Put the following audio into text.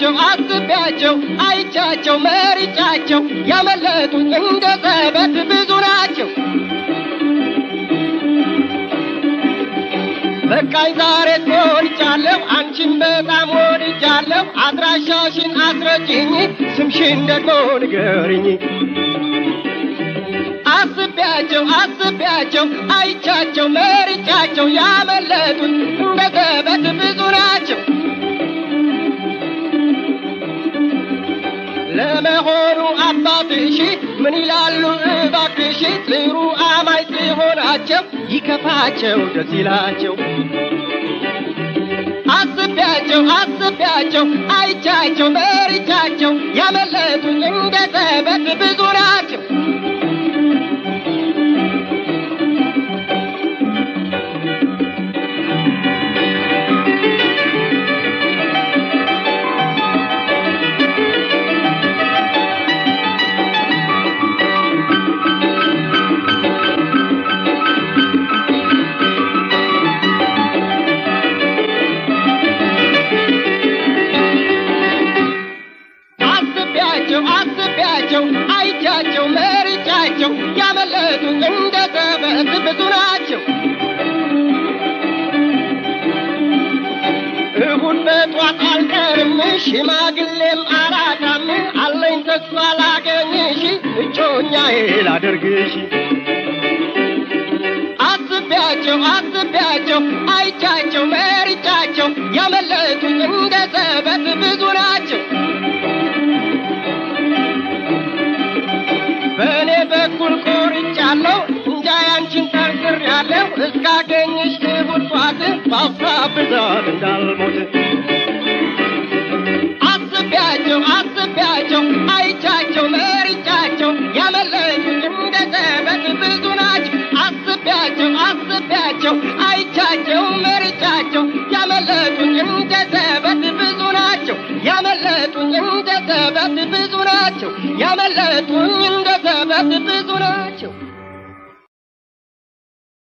አስቤያቸው አስቤያቸው አይቻቸው መርጫቸው ያመለጡኝ እንደ ጸበት ብዙ ናቸው። በቃኝ ዛሬ ተወድጃለሁ፣ አንቺን በጣም ወድጃለሁ። አድራሻሽን አስረጭኝ፣ ስምሽን ደግሞ ንገርኝ። አስቤያቸው አስቤያቸው አይቻቸው መርጫቸው ያመለጡኝ እንደ ጸበት ለመሆኑ አባትሽ ምን ይላሉ እባክሽ? ጥሩ አማይ ሲሆናቸው ይከፋቸው ደስ ይላቸው። አስቢያቸው አስቢያቸው አይቻቸው መሪቻቸው ያመለጡኝ እንደ ዘበት ብዙ አይቻቸው አስቢያቸው አይቻቸው መርጫቸው ያመለጡ እንደ ተበት ብዙ ናቸው። እሁድ በጧት አልቀርም ሽማግሌም አራዳም አለኝ ተስፋ ላገኝሽ እጮኛዬ ላደርግሽ አስቤያቸው አስቤያቸው አይቻቸው መርጫቸው ያመለ ብዛት እንዳልሞት አስቢያቸው አስቢያቸው አይቻቸው መሪቻቸው ያመለጡኝ እንደ ብዙ ናቸው። አስቢያቸው አስቢያቸው አይቻቸው መሪቻቸው ያመለጡኝ እንደ ጸበል ብዙ ናቸው። ያመለጡኝ እንደ ብዙ ናቸው። ያመለጡኝ